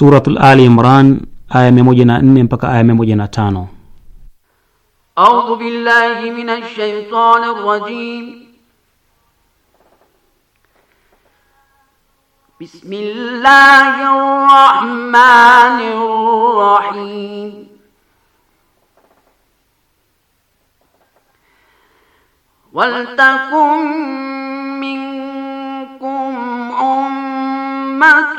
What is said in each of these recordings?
Suratul Ali Imran aya 104 mpaka aya 105. A'udhu billahi minash shaitanir rajim. Bismillahir rahmanir rahim. ولتكن منكم أمة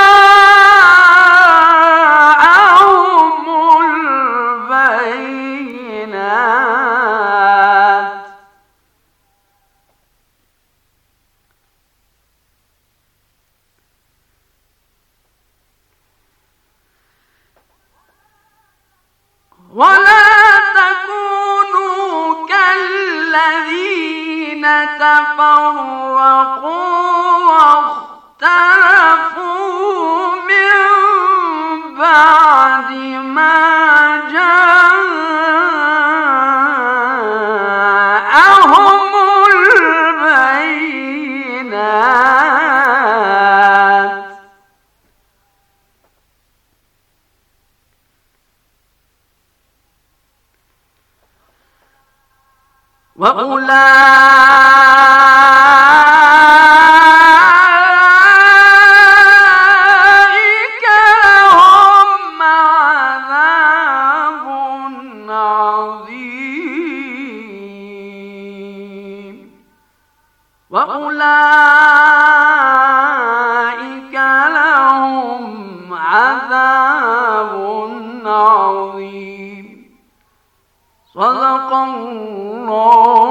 أولئك عذاب عظيم وأولئك لهم عذاب عظيم صدق الله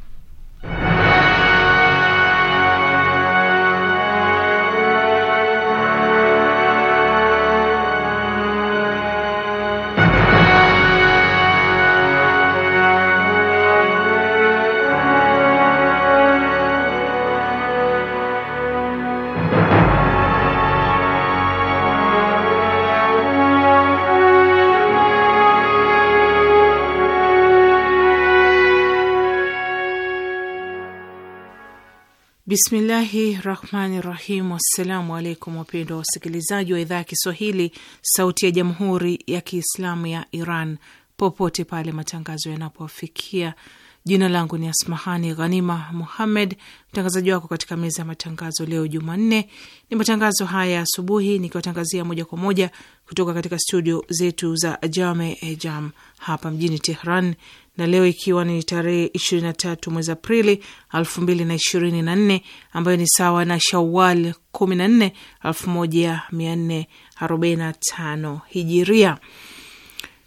Bismillahi rahmani rahim. Wassalamu alaikum wapendwa wasikilizaji wa idhaa ya Kiswahili sauti ya jamhuri ya Kiislamu ya Iran popote pale matangazo yanapoafikia Jina langu ni Asmahani Ghanima Muhammed, mtangazaji wako katika meza ya matangazo leo Jumanne. Ni matangazo haya asubuhi, nikiwatangazia moja kwa moja kutoka katika studio zetu za Jame Jam hapa mjini Tehran na leo ikiwa ni tarehe 23 mwezi Aprili 2024 ambayo ni sawa na Shawal 14 1445 Hijiria.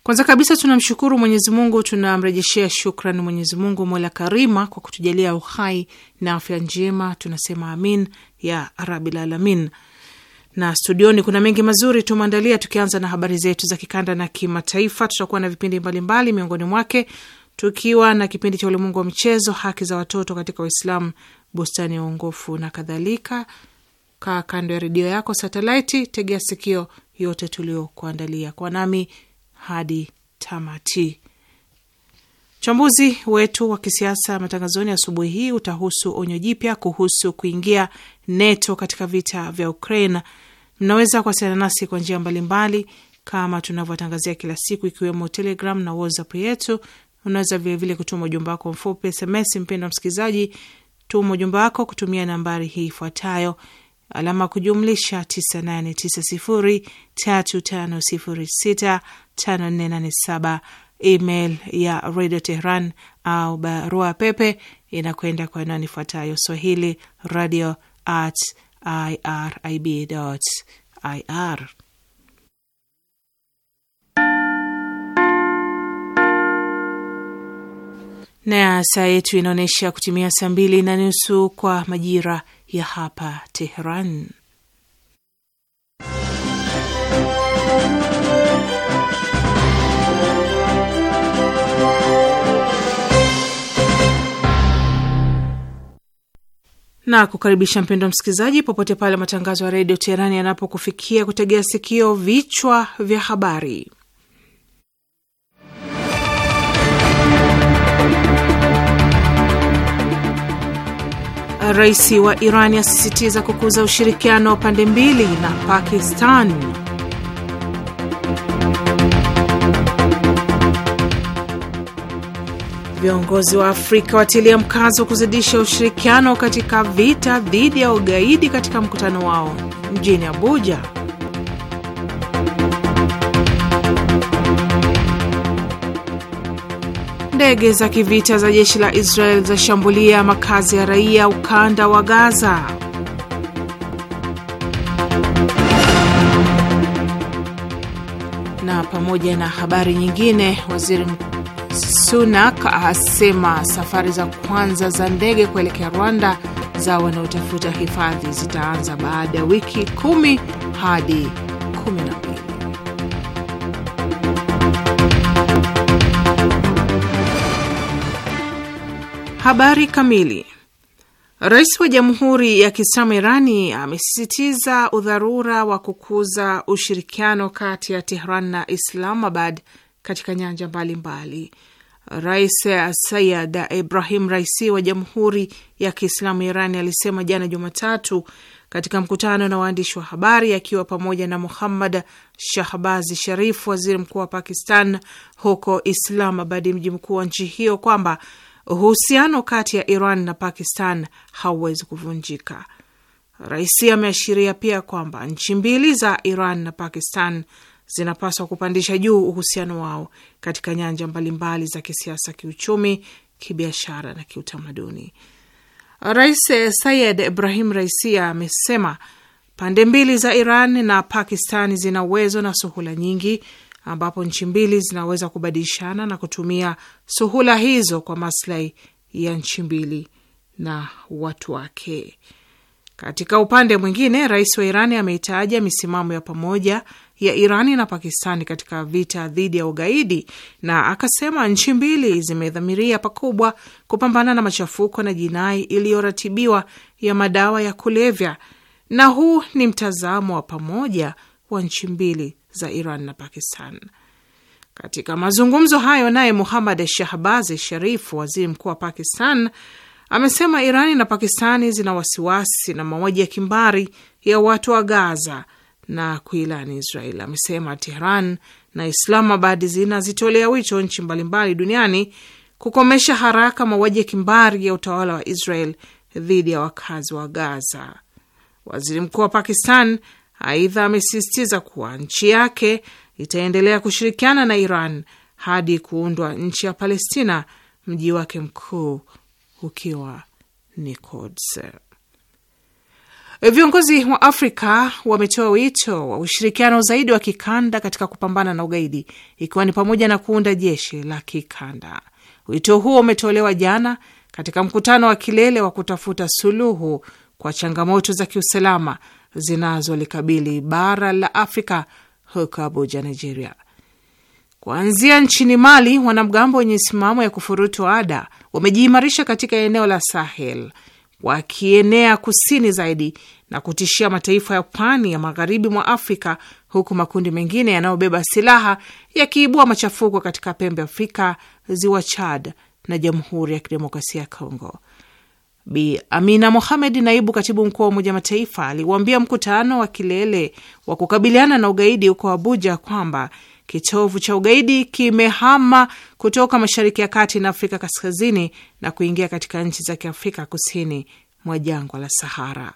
Kwanza kabisa tunamshukuru Mwenyezi Mungu, tunamrejeshea shukrani Mwenyezi Mungu mola karima kwa kutujalia uhai na afya njema, tunasema amin ya rabil alamin na studioni kuna mengi mazuri tumeandalia, tukianza na habari zetu za kikanda na kimataifa. Tutakuwa na vipindi mbalimbali, miongoni mwake tukiwa na kipindi cha ulimwengu wa michezo, haki za watoto katika Uislamu, bustani ya uongofu na kadhalika. Kaa kando ya redio yako satelaiti, tegea sikio yote tuliokuandalia. Kwa nami hadi tamati. Uchambuzi wetu wa kisiasa matangazoni asubuhi hii utahusu onyo jipya kuhusu kuingia NATO katika vita vya Ukraina. Mnaweza kuwasiliana nasi kwa njia mbalimbali kama tunavyotangazia kila siku, ikiwemo Telegram na WhatsApp yetu. Unaweza vilevile kutuma ujumbe wako mfupi SMS. Mpendwa msikilizaji, tuma ujumbe wako kutumia nambari hii ifuatayo: alama kujumlisha 989035065487. Email ya Radio Tehran au barua pepe inakwenda kwa anwani ifuatayo swahili radio at irib.ir. Na saa yetu inaonyesha kutimia saa mbili na nusu kwa majira ya hapa Teheran. na kukaribisha mpendo msikilizaji, popote pale matangazo ya redio Teherani yanapokufikia kutegea sikio. Vichwa vya habari: Rais wa iran asisitiza kukuza ushirikiano wa pande mbili na Pakistan. Viongozi wa Afrika watilia mkazo wa kuzidisha ushirikiano katika vita dhidi ya ugaidi katika mkutano wao mjini Abuja. Ndege za kivita za jeshi la Israel zashambulia makazi ya raia ukanda wa Gaza. Na pamoja na habari nyingine, waziri mkuu Sunak asema safari za kwanza za ndege kuelekea Rwanda za wanaotafuta hifadhi zitaanza baada ya wiki kumi hadi kumi na mbili. Habari kamili. Rais wa Jamhuri ya Kiislamu Irani amesisitiza udharura wa kukuza ushirikiano kati ya Tehran na Islamabad katika nyanja mbalimbali mbali. Rais sayad Ibrahim Raisi wa Jamhuri ya Kiislamu iran alisema jana Jumatatu katika mkutano na waandishi wa habari akiwa pamoja na Muhammad Shahbazi Sharif, waziri mkuu wa Pakistan, huko Islamabad, mji mkuu wa nchi hiyo, kwamba uhusiano kati ya Iran na Pakistan hauwezi kuvunjika. Raisi ameashiria pia kwamba nchi mbili za Iran na Pakistan zinapaswa kupandisha juu uhusiano wao katika nyanja mbalimbali za kisiasa, kiuchumi, kibiashara na kiutamaduni. Rais Sayed Ibrahim Raisia amesema pande mbili za Iran na Pakistan zina uwezo na suhula nyingi, ambapo nchi mbili zinaweza kubadilishana na kutumia suhula hizo kwa maslahi ya nchi mbili na watu wake. Katika upande mwingine, rais wa Iran ameitaja misimamo ya pamoja ya Irani na Pakistani katika vita dhidi ya ugaidi, na akasema nchi mbili zimedhamiria pakubwa kupambana na machafuko na jinai iliyoratibiwa ya madawa ya kulevya, na huu ni mtazamo wa pamoja wa nchi mbili za Iran na Pakistan. Katika mazungumzo hayo, naye Muhammad Shahbazi sharifu waziri mkuu wa Pakistan, amesema Irani na Pakistani zina wasiwasi na mauaji ya kimbari ya watu wa Gaza na kuilani Israel. Amesema Tehran na Islamabad zinazitolea wito nchi mbalimbali duniani kukomesha haraka mauaji ya kimbari ya utawala wa Israel dhidi ya wakazi wa Gaza. Waziri mkuu wa Pakistan aidha amesisitiza kuwa nchi yake itaendelea kushirikiana na Iran hadi kuundwa nchi ya Palestina, mji wake mkuu ukiwa ni Quds. Viongozi wa Afrika wametoa wito wa ushirikiano zaidi wa kikanda katika kupambana na ugaidi, ikiwa ni pamoja na kuunda jeshi la kikanda. Wito huo umetolewa jana katika mkutano wa kilele wa kutafuta suluhu kwa changamoto za kiusalama zinazolikabili bara la Afrika huko Abuja, Nigeria. Kuanzia nchini Mali, wanamgambo wenye simamo ya kufurutu ada wamejiimarisha katika eneo la Sahel wakienea kusini zaidi na kutishia mataifa ya pwani ya magharibi mwa Afrika, huku makundi mengine yanayobeba silaha yakiibua machafuko katika pembe Afrika, ziwa Chad na Jamhuri ya Kidemokrasia ya Kongo. Bi Amina Mohamed, naibu katibu mkuu wa Umoja Mataifa, aliwaambia mkutano wa kilele wa kukabiliana na ugaidi huko Abuja kwamba Kitovu cha ugaidi kimehama kutoka Mashariki ya Kati na Afrika Kaskazini na kuingia katika nchi za Kiafrika kusini mwa jangwa la Sahara.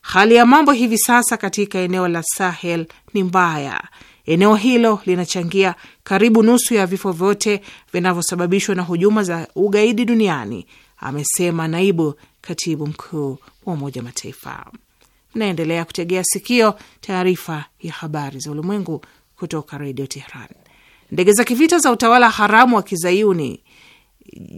Hali ya mambo hivi sasa katika eneo la Sahel ni mbaya. Eneo hilo linachangia karibu nusu ya vifo vyote vinavyosababishwa na hujuma za ugaidi duniani, amesema naibu katibu mkuu wa Umoja Mataifa. Naendelea kutegea sikio taarifa ya habari za ulimwengu kutoka Redio Tehran. Ndege za kivita za utawala haramu wa kizayuni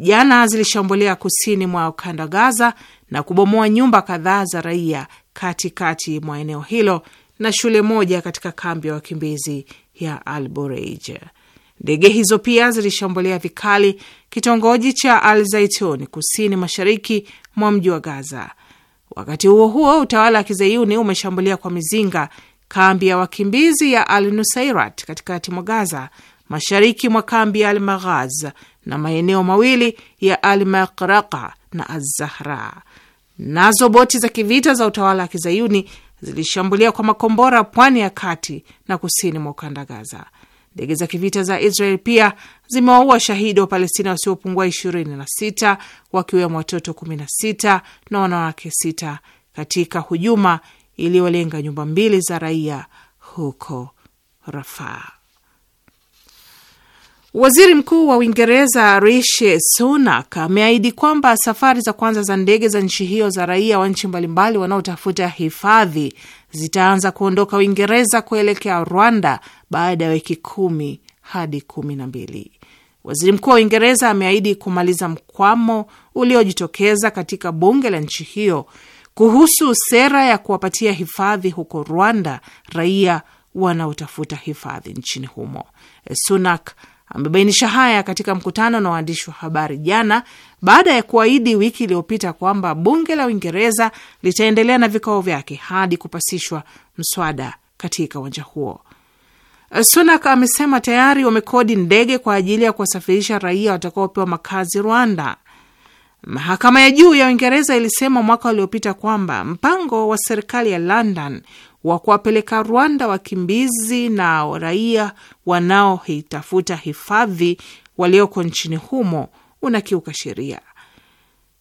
jana zilishambulia kusini mwa ukanda Gaza na kubomoa nyumba kadhaa za raia katikati mwa eneo hilo na shule moja katika kambi ya wakimbizi ya Al Bureij. Ndege hizo pia zilishambulia vikali kitongoji cha Al Zaitun kusini mashariki mwa mji wa Gaza. Wakati huo huo, utawala wa kizayuni umeshambulia kwa mizinga kambi ya wakimbizi ya Al Nusairat katikati mwa Gaza, mashariki mwa kambi ya Al Maghaz na maeneo mawili ya Al Makraka na Azahra. Nazo boti za kivita za utawala wa kizayuni zilishambulia kwa makombora pwani ya kati na kusini mwa ukanda Gaza. Ndege za kivita za Israel pia zimewaua shahidi wa Palestina wasiopungua 26 wakiwemo watoto 16 na wanawake 6 katika hujuma iliyolenga nyumba mbili za raia huko Rafaa. Waziri Mkuu wa Uingereza Rishi Sunak ameahidi kwamba safari za kwanza za ndege za nchi hiyo za raia wa nchi mbalimbali wanaotafuta hifadhi zitaanza kuondoka Uingereza kuelekea Rwanda baada ya wiki kumi hadi kumi na mbili. Waziri Mkuu wa Uingereza ameahidi kumaliza mkwamo uliojitokeza katika bunge la nchi hiyo kuhusu sera ya kuwapatia hifadhi huko Rwanda raia wanaotafuta hifadhi nchini humo. Eh, Sunak amebainisha haya katika mkutano na waandishi wa habari jana baada ya kuahidi wiki iliyopita kwamba bunge la Uingereza litaendelea na vikao vyake hadi kupasishwa mswada katika uwanja huo. Eh, Sunak amesema tayari wamekodi ndege kwa ajili ya kuwasafirisha raia watakaopewa makazi Rwanda. Mahakama ya juu ya Uingereza ilisema mwaka uliopita kwamba mpango wa serikali ya London wa kuwapeleka Rwanda wakimbizi na raia wanaoitafuta hifadhi walioko nchini humo unakiuka sheria.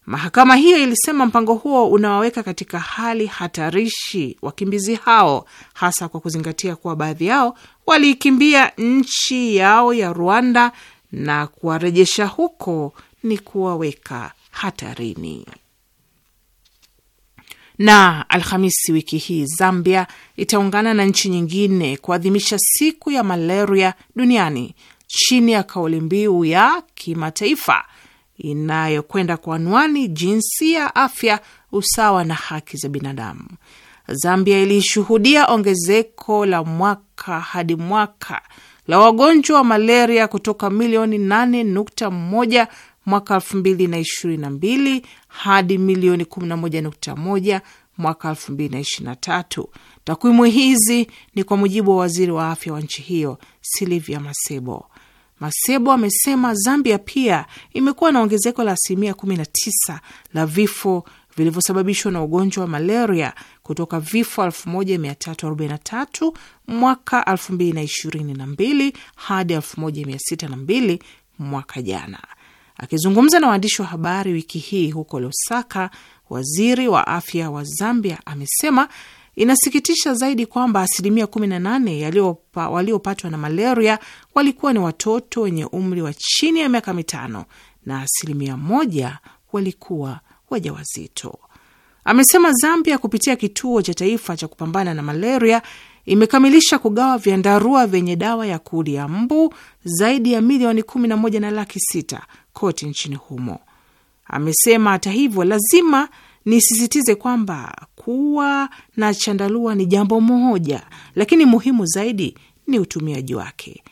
Mahakama hiyo ilisema mpango huo unawaweka katika hali hatarishi wakimbizi hao, hasa kwa kuzingatia kuwa baadhi yao waliikimbia nchi yao ya Rwanda na kuwarejesha huko ni kuwaweka hatarini. Na Alhamisi wiki hii Zambia itaungana na nchi nyingine kuadhimisha siku ya malaria duniani chini ya kauli mbiu ya kimataifa inayokwenda kwa anwani jinsia, afya, usawa na haki za binadamu. Zambia ilishuhudia ongezeko la mwaka hadi mwaka la wagonjwa wa malaria kutoka milioni 8.1 mwaka mbili hadi milioni 11.1 mwaka tatu. Takwimu hizi ni kwa mujibu wa waziri wa afya wa nchi hiyo Silivia Masebo. Masebo amesema Zambia pia imekuwa na ongezeko la asilimia 19 la vifo vilivyosababishwa na ugonjwa wa malaria kutoka vifo 1343 mwaka 2022 hadi 1602 mwaka jana. Akizungumza na waandishi wa habari wiki hii huko Lusaka, waziri wa afya wa Zambia amesema inasikitisha zaidi kwamba asilimia 18 waliopatwa na malaria walikuwa ni watoto wenye umri wa chini ya miaka mitano na asilimia moja walikuwa wajawazito. Amesema Zambia kupitia kituo cha taifa cha kupambana na malaria imekamilisha kugawa vyandarua vyenye dawa ya kuli ya mbu zaidi ya milioni kumi na moja na laki sita kote nchini humo. Amesema hata hivyo, lazima nisisitize kwamba kuwa na chandarua ni jambo moja, lakini muhimu zaidi ni utumiaji wake.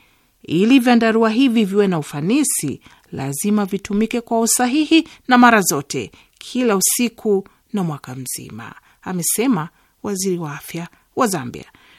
Ili vyandarua hivi viwe na ufanisi, lazima vitumike kwa usahihi na mara zote, kila usiku na mwaka mzima, amesema waziri wa afya wa Zambia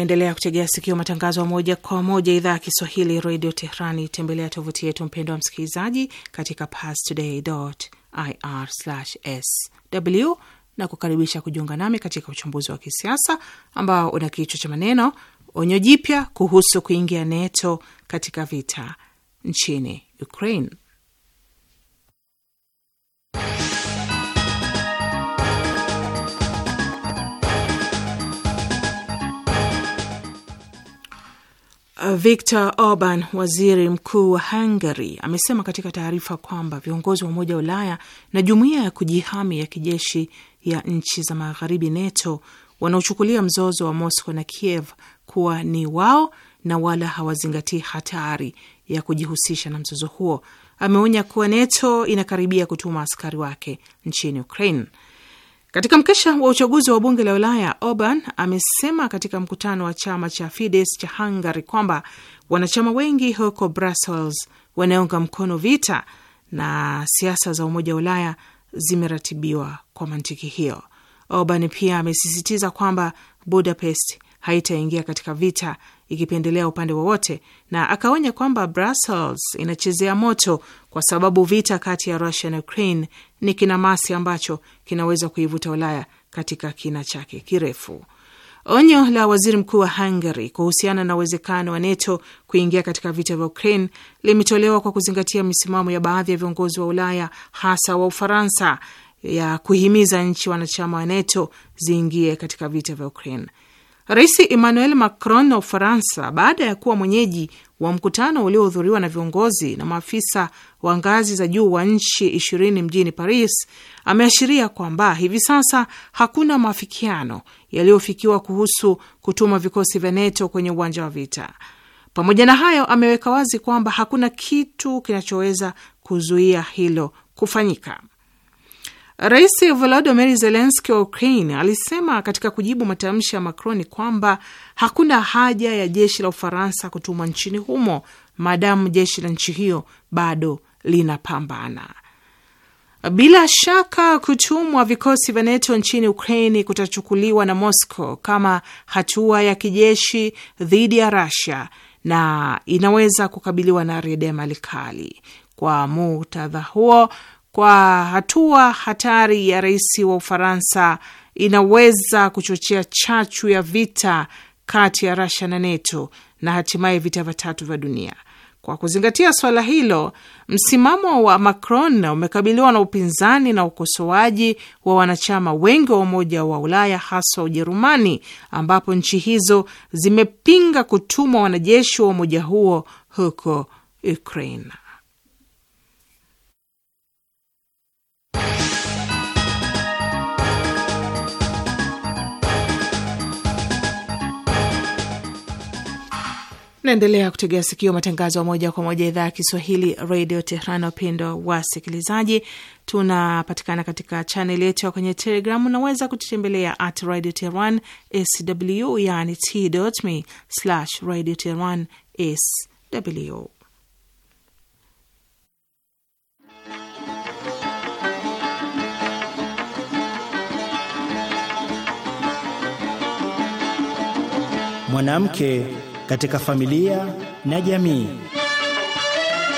Endelea kutegea sikio matangazo moja kwa moja idhaa ya Kiswahili radio Tehrani. Tembelea tovuti yetu mpendo wa msikilizaji katika pastoday.ir/sw na kukaribisha kujiunga nami katika uchambuzi wa kisiasa ambao una kichwa cha maneno onyo jipya kuhusu kuingia NATO katika vita nchini Ukraine. Uh, Viktor Orban, waziri mkuu wa Hungary, amesema katika taarifa kwamba viongozi wa Umoja wa Ulaya na jumuiya ya kujihami ya kijeshi ya nchi za magharibi NATO wanaochukulia mzozo wa Moscow na Kiev kuwa ni wao na wala hawazingatii hatari ya kujihusisha na mzozo huo. Ameonya kuwa NATO inakaribia kutuma askari wake nchini Ukraine. Katika mkesha wa uchaguzi wa bunge la Ulaya, Orban amesema katika mkutano wa chama cha Fides cha Hungary kwamba wanachama wengi huko Brussels wanaunga mkono vita na siasa za Umoja wa Ulaya zimeratibiwa kwa mantiki hiyo. Orban pia amesisitiza kwamba Budapest haitaingia katika vita ikipendelea upande wowote, na akaonya kwamba Brussels inachezea moto kwa sababu vita kati ya Russia na Ukraine ni kinamasi ambacho kinaweza kuivuta Ulaya katika kina chake kirefu. Onyo la waziri mkuu wa Hungary kuhusiana na uwezekano wa NATO kuingia katika vita vya Ukraine limetolewa kwa kuzingatia misimamo ya baadhi ya viongozi wa Ulaya, hasa wa Ufaransa, ya kuhimiza nchi wanachama wa NATO ziingie katika vita vya Ukraine. Rais Emmanuel Macron wa Ufaransa, baada ya kuwa mwenyeji wa mkutano uliohudhuriwa na viongozi na maafisa wa ngazi za juu wa nchi ishirini mjini Paris ameashiria kwamba hivi sasa hakuna maafikiano yaliyofikiwa kuhusu kutuma vikosi vya NATO kwenye uwanja wa vita. Pamoja na hayo, ameweka wazi kwamba hakuna kitu kinachoweza kuzuia hilo kufanyika. Rais Volodymyr Zelensky wa Ukraine alisema katika kujibu matamshi ya Macron kwamba hakuna haja ya jeshi la Ufaransa kutumwa nchini humo maadamu jeshi la nchi hiyo bado linapambana. Bila shaka kutumwa vikosi vya NATO nchini Ukraini kutachukuliwa na Moscow kama hatua ya kijeshi dhidi ya rasia na inaweza kukabiliwa na redema likali. Kwa muktadha huo, kwa hatua hatari ya rais wa Ufaransa inaweza kuchochea chachu ya vita kati ya Russia na NATO na hatimaye vita vya tatu vya dunia. Kwa kuzingatia swala hilo, msimamo wa Macron umekabiliwa na upinzani na ukosoaji wa wanachama wengi wa Umoja wa Ulaya, haswa Ujerumani, ambapo nchi hizo zimepinga kutumwa wanajeshi wa umoja huo huko Ukraine. Naendelea kutegea sikio matangazo ya moja kwa moja idhaa ya Kiswahili radio Tehran. wa wasikilizaji, tunapatikana katika chaneli yetu kwenye Telegram. Unaweza kututembelea at radio tehran sw, yani t.me slash radio tehran sw. Mwanamke katika familia na jamii.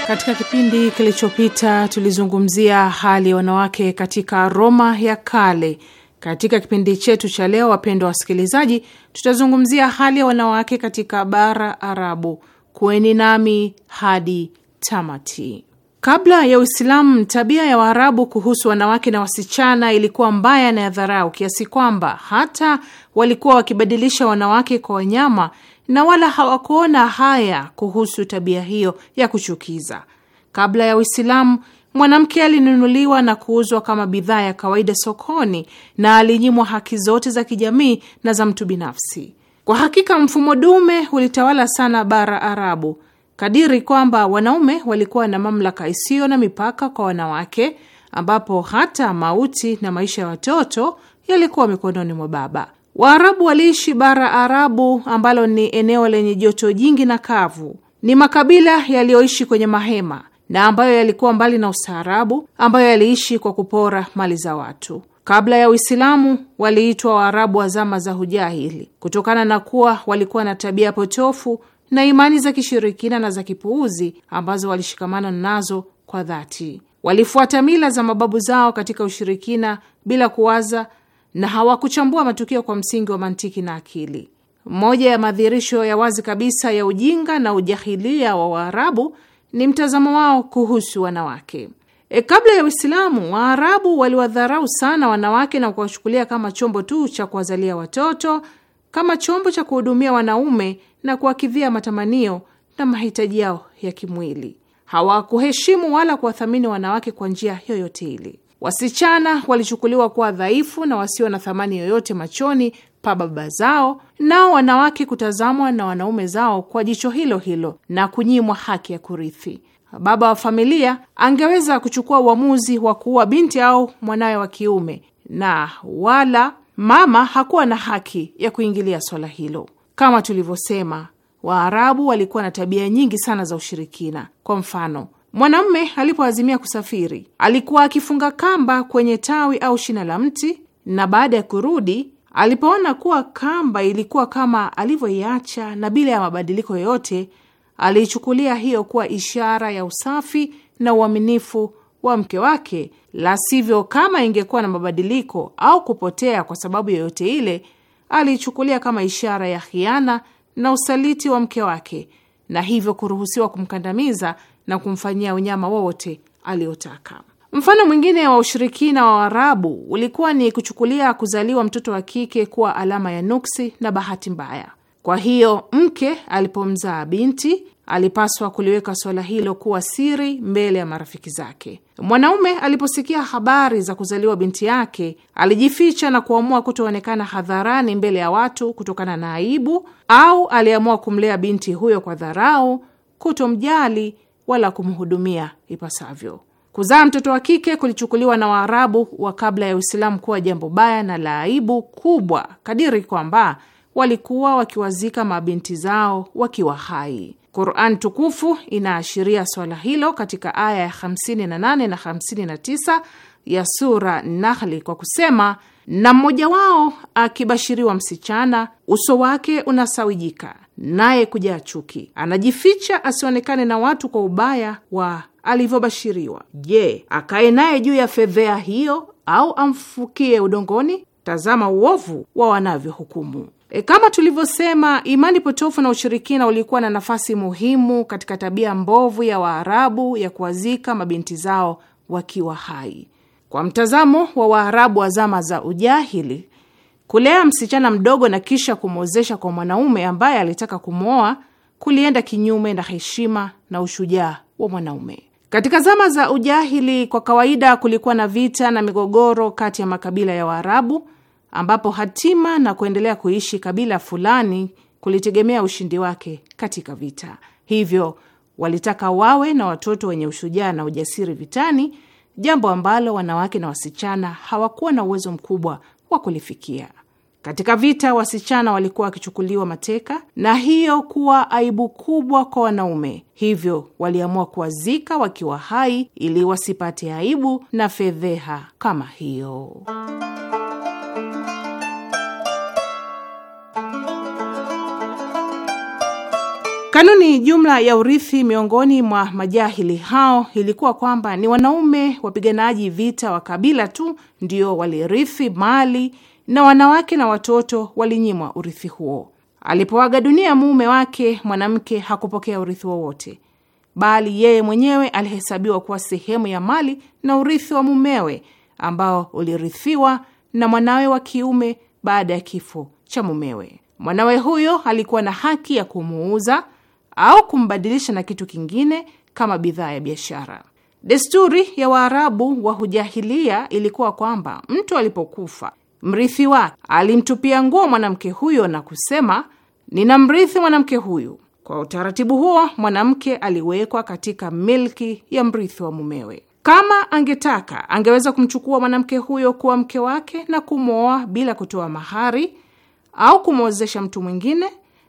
Katika kipindi kilichopita tulizungumzia hali ya wanawake katika Roma ya kale. Katika kipindi chetu cha leo, wapendwa wasikilizaji, tutazungumzia hali ya wanawake katika bara Arabu. Kuweni nami hadi tamati. Kabla ya Uislamu, tabia ya Waarabu kuhusu wanawake na wasichana ilikuwa mbaya na ya dharau, kiasi kwamba hata walikuwa wakibadilisha wanawake kwa wanyama na wala hawakuona haya kuhusu tabia hiyo ya kuchukiza. Kabla ya Uislamu, mwanamke alinunuliwa na kuuzwa kama bidhaa ya kawaida sokoni na alinyimwa haki zote za kijamii na za mtu binafsi. Kwa hakika mfumo dume ulitawala sana bara Arabu kadiri kwamba wanaume walikuwa na mamlaka isiyo na mipaka kwa wanawake, ambapo hata mauti na maisha ya watoto yalikuwa mikononi mwa baba. Waarabu waliishi bara Arabu ambalo ni eneo lenye joto jingi na kavu. Ni makabila yaliyoishi kwenye mahema na ambayo yalikuwa mbali na ustaarabu, ambayo yaliishi kwa kupora mali za watu. Kabla ya Uislamu waliitwa Waarabu wa zama za hujahili kutokana na kuwa walikuwa na tabia potofu na imani za kishirikina na za kipuuzi ambazo walishikamana nazo kwa dhati. Walifuata mila za mababu zao katika ushirikina bila kuwaza na hawakuchambua matukio kwa msingi wa mantiki na akili. Moja ya madhihirisho ya wazi kabisa ya ujinga na ujahilia wa Waarabu ni mtazamo wao kuhusu wanawake. E, kabla ya Uislamu Waarabu waliwadharau sana wanawake na kuwachukulia kama chombo tu cha kuwazalia watoto, kama chombo cha kuhudumia wanaume na kuwakidhia matamanio na mahitaji yao ya kimwili. Hawakuheshimu wala kuwathamini wanawake kwa njia yoyote ile. Wasichana walichukuliwa kuwa dhaifu na wasio na thamani yoyote machoni pa baba zao, nao wanawake kutazamwa na wanaume zao kwa jicho hilo hilo na kunyimwa haki ya kurithi. Baba wa familia angeweza kuchukua uamuzi wa kuua binti au mwanawe wa kiume, na wala mama hakuwa na haki ya kuingilia swala hilo. Kama tulivyosema, Waarabu walikuwa na tabia nyingi sana za ushirikina. Kwa mfano Mwanamume alipoazimia kusafiri, alikuwa akifunga kamba kwenye tawi au shina la mti, na baada ya kurudi, alipoona kuwa kamba ilikuwa kama alivyoiacha na bila ya mabadiliko yoyote, aliichukulia hiyo kuwa ishara ya usafi na uaminifu wa mke wake, la sivyo, kama ingekuwa na mabadiliko au kupotea kwa sababu yoyote ile, aliichukulia kama ishara ya khiana na usaliti wa mke wake, na hivyo kuruhusiwa kumkandamiza na kumfanyia unyama wowote aliotaka. Mfano mwingine wa ushirikina wa Waarabu ulikuwa ni kuchukulia kuzaliwa mtoto wa kike kuwa alama ya nuksi na bahati mbaya. Kwa hiyo mke alipomzaa binti alipaswa kuliweka suala hilo kuwa siri mbele ya marafiki zake. Mwanaume aliposikia habari za kuzaliwa binti yake alijificha na kuamua kutoonekana hadharani mbele ya watu kutokana na aibu, au aliamua kumlea binti huyo kwa dharau, kutomjali wala kumhudumia ipasavyo. Kuzaa mtoto wa kike kulichukuliwa na Waarabu wa kabla ya Uislamu kuwa jambo baya na la aibu kubwa, kadiri kwamba walikuwa wakiwazika mabinti zao wakiwa hai. Quran tukufu inaashiria swala hilo katika aya ya 58 na 59 ya sura Nahli kwa kusema na mmoja wao akibashiriwa msichana, uso wake unasawijika, naye kujaa chuki, anajificha asionekane na watu kwa ubaya wa alivyobashiriwa. Je, akae naye juu ya fedhea hiyo au amfukie udongoni? Tazama uovu wa wanavyohukumu. E, kama tulivyosema, imani potofu na ushirikina ulikuwa na nafasi muhimu katika tabia mbovu ya Waarabu ya kuwazika mabinti zao wakiwa hai. Kwa mtazamo wa Waarabu wa zama za ujahili, kulea msichana mdogo na kisha kumwozesha kwa mwanaume ambaye alitaka kumwoa kulienda kinyume na heshima na ushujaa wa mwanaume. Katika zama za ujahili, kwa kawaida kulikuwa na vita na migogoro kati ya makabila ya Waarabu, ambapo hatima na kuendelea kuishi kabila fulani kulitegemea ushindi wake katika vita. Hivyo walitaka wawe na watoto wenye ushujaa na ujasiri vitani jambo ambalo wanawake na wasichana hawakuwa na uwezo mkubwa wa kulifikia. Katika vita, wasichana walikuwa wakichukuliwa mateka, na hiyo kuwa aibu kubwa kwa wanaume, hivyo waliamua kuwazika wakiwa hai ili wasipate aibu na fedheha kama hiyo. Kanuni jumla ya urithi miongoni mwa majahili hao ilikuwa kwamba ni wanaume wapiganaji vita wa kabila tu ndio walirithi mali na wanawake na watoto walinyimwa urithi huo. Alipoaga dunia mume wake, mwanamke hakupokea urithi wowote, bali yeye mwenyewe alihesabiwa kuwa sehemu ya mali na urithi wa mumewe ambao ulirithiwa na mwanawe wa kiume baada ya kifo cha mumewe. Mwanawe huyo alikuwa na haki ya kumuuza au kumbadilisha na kitu kingine kama bidhaa ya biashara. Desturi ya Waarabu wa hujahilia ilikuwa kwamba mtu alipokufa, mrithi wake alimtupia nguo mwanamke huyo na kusema, nina mrithi mwanamke huyu. Kwa utaratibu huo, mwanamke aliwekwa katika milki ya mrithi wa mumewe. Kama angetaka, angeweza kumchukua mwanamke huyo kuwa mke wake na kumwoa bila kutoa mahari au kumwozesha mtu mwingine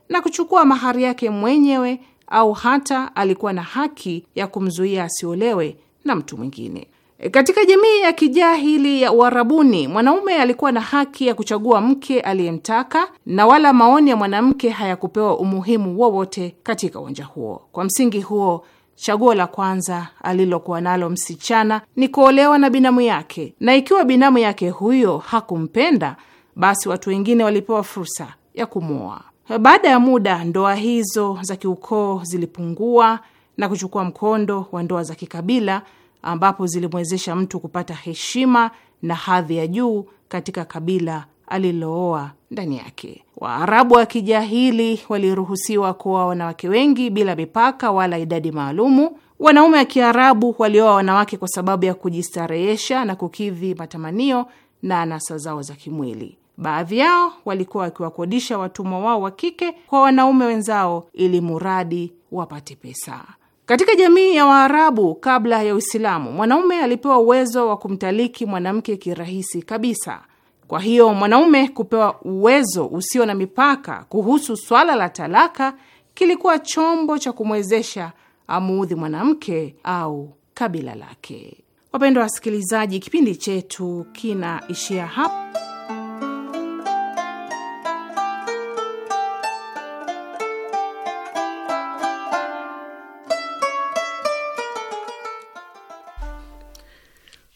na kuchukua mahari yake mwenyewe au hata alikuwa na haki ya kumzuia asiolewe na mtu mwingine. Katika jamii ya kijahili ya Uarabuni, mwanaume alikuwa na haki ya kuchagua mke aliyemtaka na wala maoni ya mwanamke hayakupewa umuhimu wowote katika uwanja huo. Kwa msingi huo, chaguo la kwanza alilokuwa nalo msichana ni kuolewa na binamu yake, na ikiwa binamu yake huyo hakumpenda, basi watu wengine walipewa fursa ya kumwoa. Baada ya muda, ndoa hizo za kiukoo zilipungua na kuchukua mkondo wa ndoa za kikabila, ambapo zilimwezesha mtu kupata heshima na hadhi ya juu katika kabila alilooa ndani yake. Waarabu wa kijahili waliruhusiwa kuoa wanawake wengi bila mipaka wala idadi maalumu. Wanaume wa Kiarabu walioa wanawake kwa sababu ya kujistarehesha na kukidhi matamanio na anasa zao za kimwili. Baadhi yao walikuwa wakiwakodisha watumwa wao wa kike kwa wanaume wenzao ili muradi wapate pesa. Katika jamii ya Waarabu kabla ya Uislamu, mwanaume alipewa uwezo wa kumtaliki mwanamke kirahisi kabisa. Kwa hiyo mwanaume kupewa uwezo usio na mipaka kuhusu swala la talaka kilikuwa chombo cha kumwezesha amuudhi mwanamke au kabila lake. Wapendwa wasikilizaji, kipindi chetu kinaishia hapa.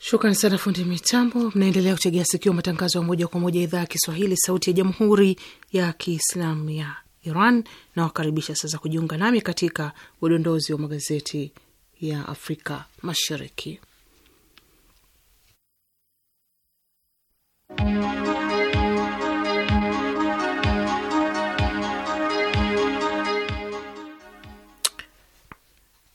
Shukran sana fundi mitambo. Mnaendelea kutegea sikio matangazo ya moja kwa moja idhaa ya Kiswahili, sauti ya jamhuri ya kiislamu ya Iran. Nawakaribisha sasa kujiunga nami katika udondozi wa magazeti ya Afrika Mashariki.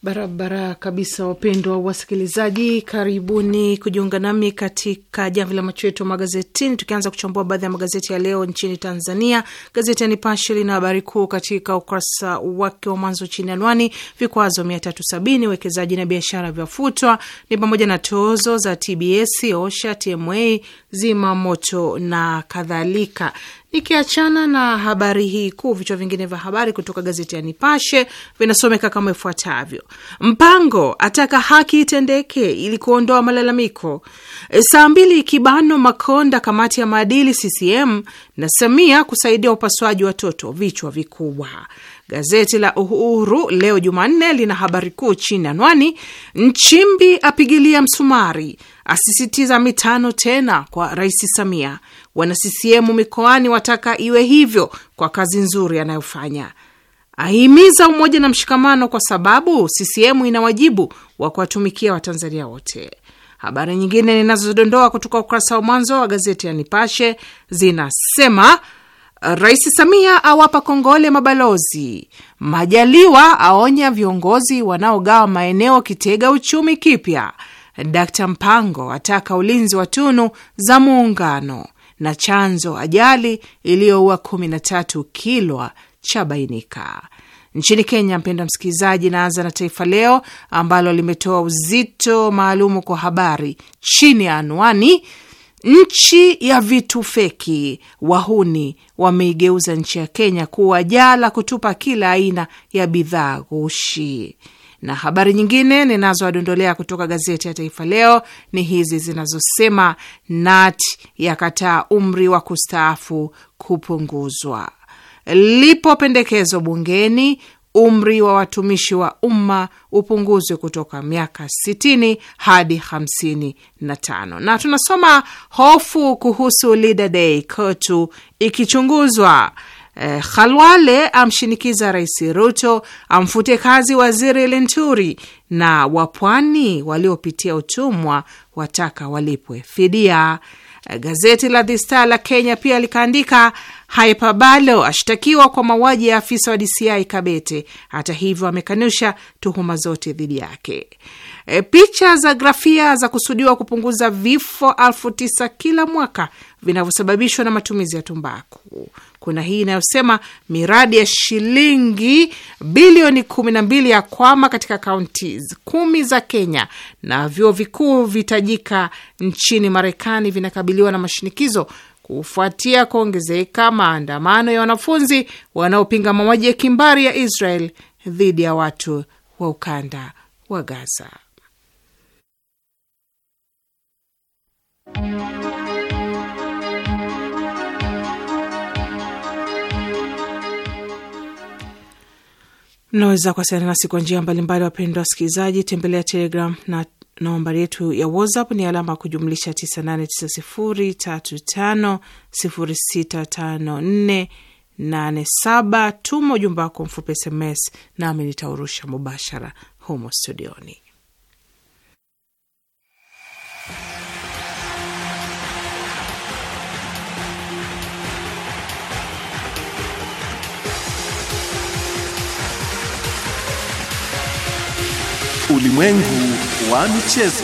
Barabara kabisa, wapendwa wasikilizaji, karibuni kujiunga nami katika jamvi la macho yetu magazetini, tukianza kuchambua baadhi ya magazeti ya leo nchini Tanzania. Gazeti ya Nipashe lina habari kuu katika ukurasa wake wa mwanzo chini anwani vikwazo mia tatu sabini wekezaji na biashara vyafutwa, ni pamoja na tozo za TBS, OSHA, TMA, zima moto na kadhalika. Ikiachana na habari hii kuu, vichwa vingine vya habari kutoka gazeti ya Nipashe vinasomeka kama ifuatavyo: Mpango ataka haki itendeke ili kuondoa malalamiko. E, saa mbili Kibano Makonda, kamati ya maadili CCM na Samia kusaidia upasuaji watoto, vichwa vikubwa. Gazeti la Uhuru leo Jumanne lina habari kuu chini anwani, Nchimbi apigilia msumari asisitiza mitano tena kwa Rais Samia. Wana CCM mikoani wataka iwe hivyo kwa kazi nzuri anayofanya. Ahimiza umoja na mshikamano kwa sababu CCM ina wajibu wa kuwatumikia Watanzania wote. Habari nyingine ninazodondoa kutoka ukurasa wa mwanzo wa gazeti ya Nipashe zinasema Rais Samia awapa kongole mabalozi. Majaliwa aonya viongozi wanaogawa maeneo kitega uchumi kipya. Dkt Mpango ataka ulinzi wa tunu za Muungano, na chanzo ajali iliyoua tatu Kilwa cha bainika. Nchini Kenya, mpenda msikilizaji, naanza na Taifa Leo ambalo limetoa uzito maalumu kwa habari chini ya anwani nchi ya vitu feki, wahuni wameigeuza nchi ya Kenya kuwa jaa la kutupa kila aina ya bidhaa ghushi na habari nyingine ninazowadondolea kutoka gazeti ya Taifa Leo ni hizi zinazosema nat yakataa umri wa kustaafu kupunguzwa, lipo pendekezo bungeni umri wa watumishi wa umma upunguzwe kutoka miaka 60 hadi 55. Na tunasoma hofu kuhusu Leader Day, KOTU ikichunguzwa Eh, Khalwale amshinikiza Rais Ruto amfute kazi Waziri Linturi, na wapwani waliopitia utumwa wataka walipwe fidia. Eh, gazeti la The Star la Kenya pia likaandika Haipa Balo ashtakiwa kwa mauaji ya afisa wa DCI Kabete. Hata hivyo amekanusha tuhuma zote dhidi yake. E, picha za grafia za kusudiwa kupunguza vifo elfu tisa kila mwaka vinavyosababishwa na matumizi ya tumbaku. Kuna hii inayosema miradi ya shilingi bilioni kumi na mbili ya kwama katika kaunti kumi za Kenya, na vyuo vikuu vitajika nchini Marekani vinakabiliwa na mashinikizo kufuatia kuongezeka maandamano ya wanafunzi wanaopinga mauaji ya kimbari ya Israel dhidi ya watu wa ukanda wa Gaza. Mnaweza kuwasiliana nasi kwa njia mbalimbali, wapendwa wasikilizaji. Tembelea Telegram na nambari yetu ya WhatsApp ni alama ya kujumlisha 989035065487. Tuma ujumbe wako mfupi SMS nami nitaurusha mubashara humo studioni. ulimwengu wa michezo.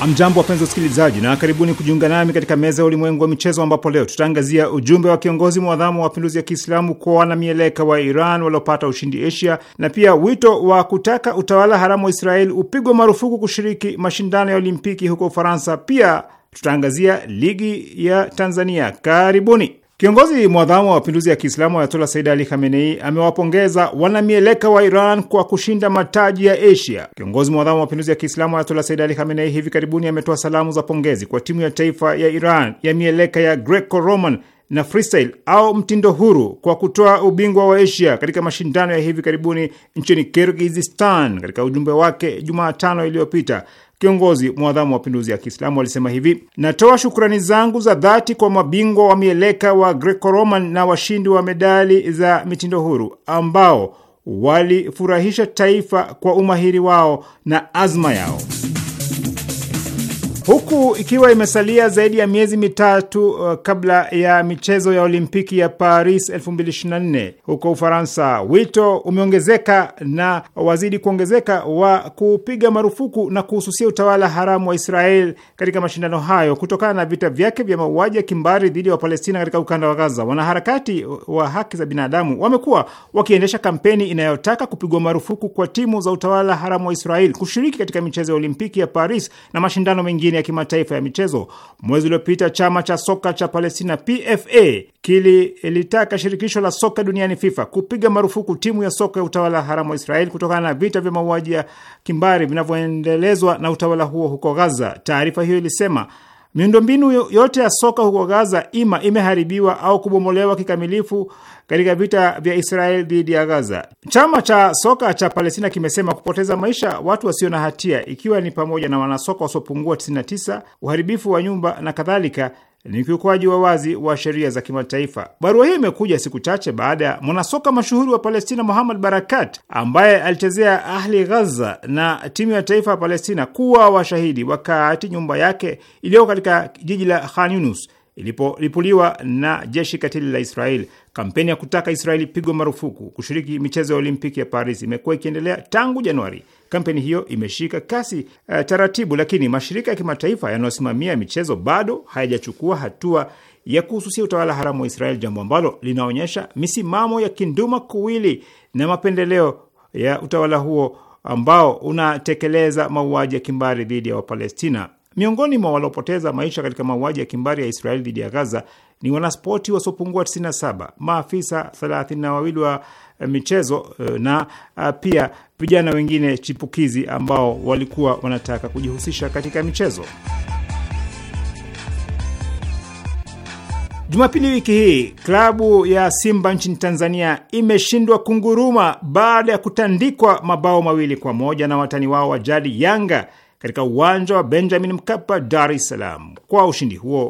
Amjambo, wapenzi wasikilizaji, na karibuni kujiunga nami katika meza ya ulimwengu wa michezo, ambapo leo tutaangazia ujumbe wa kiongozi mwadhamu wa mapinduzi ya Kiislamu kwa wanamieleka wa Iran waliopata ushindi Asia, na pia wito wa kutaka utawala haramu wa Israeli upigwe marufuku kushiriki mashindano ya Olimpiki huko Ufaransa. Pia tutaangazia ligi ya Tanzania. Karibuni. Kiongozi mwadhamu wa mapinduzi ya Kiislamu Ayatola Said Ali Khamenei amewapongeza wanamieleka wa Iran kwa kushinda mataji ya Asia. Kiongozi mwadhamu wa mapinduzi ya Kiislamu Ayatola Said Ali Khamenei hivi karibuni ametoa salamu za pongezi kwa timu ya taifa ya Iran ya mieleka ya Greco Roman na freestyle au mtindo huru kwa kutoa ubingwa wa Asia katika mashindano ya hivi karibuni nchini Kirgizistan. Katika ujumbe wake Jumatano iliyopita kiongozi mwadhamu wa mapinduzi ya Kiislamu alisema hivi: natoa shukrani zangu za dhati kwa mabingwa wa mieleka wa Greco-Roman na washindi wa medali za mitindo huru ambao walifurahisha taifa kwa umahiri wao na azma yao huku ikiwa imesalia zaidi ya miezi mitatu uh, kabla ya michezo ya Olimpiki ya Paris 2024 huko Ufaransa, wito umeongezeka na wazidi kuongezeka wa kupiga marufuku na kuhususia utawala haramu wa Israel katika mashindano hayo kutokana na vita vyake vya mauaji ya kimbari dhidi ya Wapalestina katika ukanda wa Gaza. Wanaharakati wa haki za binadamu wamekuwa wakiendesha kampeni inayotaka kupigwa marufuku kwa timu za utawala haramu wa Israel kushiriki katika michezo ya Olimpiki ya Paris na mashindano mengine ya kimataifa ya michezo. Mwezi uliopita chama cha soka cha Palestina PFA kililitaka shirikisho la soka duniani FIFA kupiga marufuku timu ya soka ya utawala haramu wa Israeli kutokana na vita vya mauaji ya kimbari vinavyoendelezwa na utawala huo huko Gaza. Taarifa hiyo ilisema Miundombinu yote ya soka huko Gaza ima imeharibiwa au kubomolewa kikamilifu katika vita vya Israel dhidi ya Gaza. Chama cha soka cha Palestina kimesema kupoteza maisha watu wasio na hatia, ikiwa ni pamoja na wanasoka wasiopungua 99, uharibifu wa nyumba na kadhalika, ni ukiukaji wa wazi wa sheria za kimataifa. Barua hii imekuja siku chache baada ya mwanasoka mashuhuri wa Palestina Muhammad Barakat, ambaye alichezea Ahli Ghaza na timu ya taifa ya Palestina, kuwa washahidi wakati nyumba yake iliyoko katika jiji la Khan Yunus ilipolipuliwa na jeshi katili la Israel. Kampeni ya kutaka Israel pigwa marufuku kushiriki michezo ya Olimpiki ya Paris imekuwa ikiendelea tangu Januari. Kampeni hiyo imeshika kasi uh, taratibu, lakini mashirika ya kimataifa yanayosimamia michezo bado hayajachukua hatua ya kuhususia utawala haramu wa Israel, jambo ambalo linaonyesha misimamo ya kinduma kuwili na mapendeleo ya utawala huo ambao unatekeleza mauaji ya kimbari dhidi ya Wapalestina. Miongoni mwa waliopoteza maisha katika mauaji ya kimbari ya Israeli dhidi ya Gaza ni wanaspoti wasiopungua 97, maafisa 32 wa eh, michezo eh, na eh, pia vijana wengine chipukizi ambao walikuwa wanataka kujihusisha katika michezo. Jumapili wiki hii klabu ya Simba nchini Tanzania imeshindwa kunguruma baada ya kutandikwa mabao mawili kwa moja na watani wao wa jadi Yanga katika uwanja wa Benjamin Mkapa, Dar es Salaam. Kwa ushindi huo,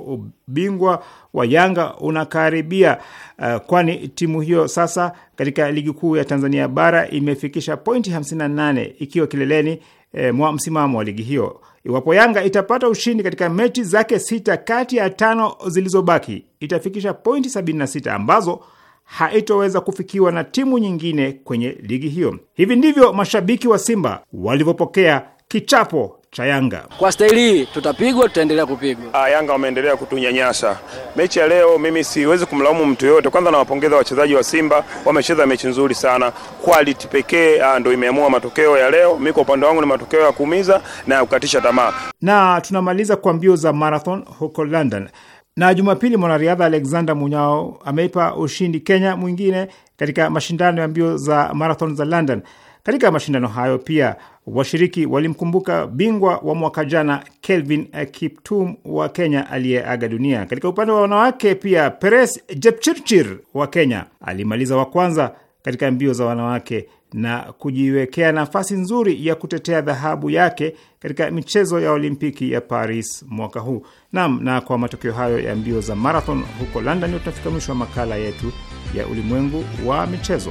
ubingwa wa Yanga unakaribia, uh, kwani timu hiyo sasa katika ligi kuu ya Tanzania bara imefikisha pointi 58 ikiwa kileleni eh, mwa msimamo wa ligi hiyo. Iwapo Yanga itapata ushindi katika mechi zake sita kati ya tano zilizobaki, itafikisha pointi 76 ambazo haitoweza kufikiwa na timu nyingine kwenye ligi hiyo. Hivi ndivyo mashabiki wa Simba walivyopokea kichapo cha Yanga. Kwa staili hii tutapigwa, tutaendelea kupigwa. Ah, Yanga wameendelea kutunyanyasa. Mechi ya leo mimi siwezi kumlaumu mtu yoyote. Kwanza nawapongeza wachezaji wa Simba, wamecheza mechi nzuri sana. Quality pekee ah, ndio imeamua matokeo ya leo. Mimi kwa upande wangu ni matokeo ya kuumiza na ya kukatisha tamaa. Na tunamaliza kwa mbio za marathon huko London na Jumapili mwanariadha Alexander Munyao ameipa ushindi Kenya mwingine katika mashindano ya mbio za marathon za London. Katika mashindano hayo pia washiriki walimkumbuka bingwa wa mwaka jana Kelvin Kiptum wa Kenya aliyeaga dunia. Katika upande wa wanawake pia Peres Jepchirchir wa Kenya alimaliza wa kwanza katika mbio za wanawake na kujiwekea nafasi nzuri ya kutetea dhahabu yake katika michezo ya Olimpiki ya Paris mwaka huu. Naam, na kwa matokeo hayo ya mbio za marathon huko London, ndio tunafika mwisho wa makala yetu ya ulimwengu wa michezo.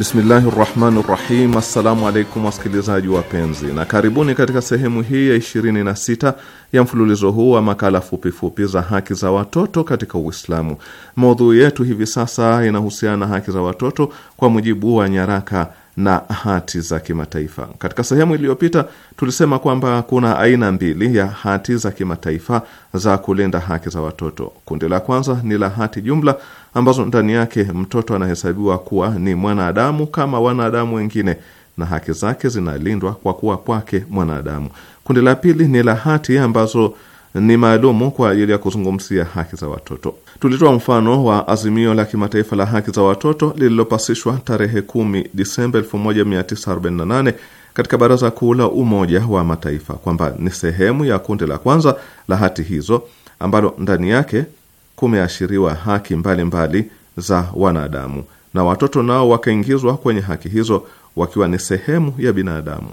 Bismillahi rahmani rahim. Assalamu alaikum wasikilizaji wapenzi, na karibuni katika sehemu hii ya 26 ya mfululizo huu wa makala fupifupi za haki za watoto katika Uislamu. Maudhui yetu hivi sasa inahusiana na haki za watoto kwa mujibu wa nyaraka na hati za kimataifa. Katika sehemu iliyopita tulisema kwamba kuna aina mbili ya hati za kimataifa za kulinda haki za watoto. Kundi la kwanza ni la hati jumla ambazo ndani yake mtoto anahesabiwa kuwa ni mwanadamu kama wanadamu wengine na haki zake zinalindwa kwa kuwa kwake mwanadamu. Kundi la pili ni la hati ambazo ni maalumu kwa ajili ya kuzungumzia haki za watoto. Tulitoa mfano wa azimio la kimataifa la haki za watoto lililopasishwa tarehe 10 Disemba 1948 katika Baraza Kuu la Umoja wa Mataifa kwamba ni sehemu ya kundi la kwanza la hati hizo ambalo ndani yake kumeashiriwa haki mbalimbali mbali za wanadamu na watoto nao wakaingizwa kwenye haki hizo wakiwa ni sehemu ya binadamu.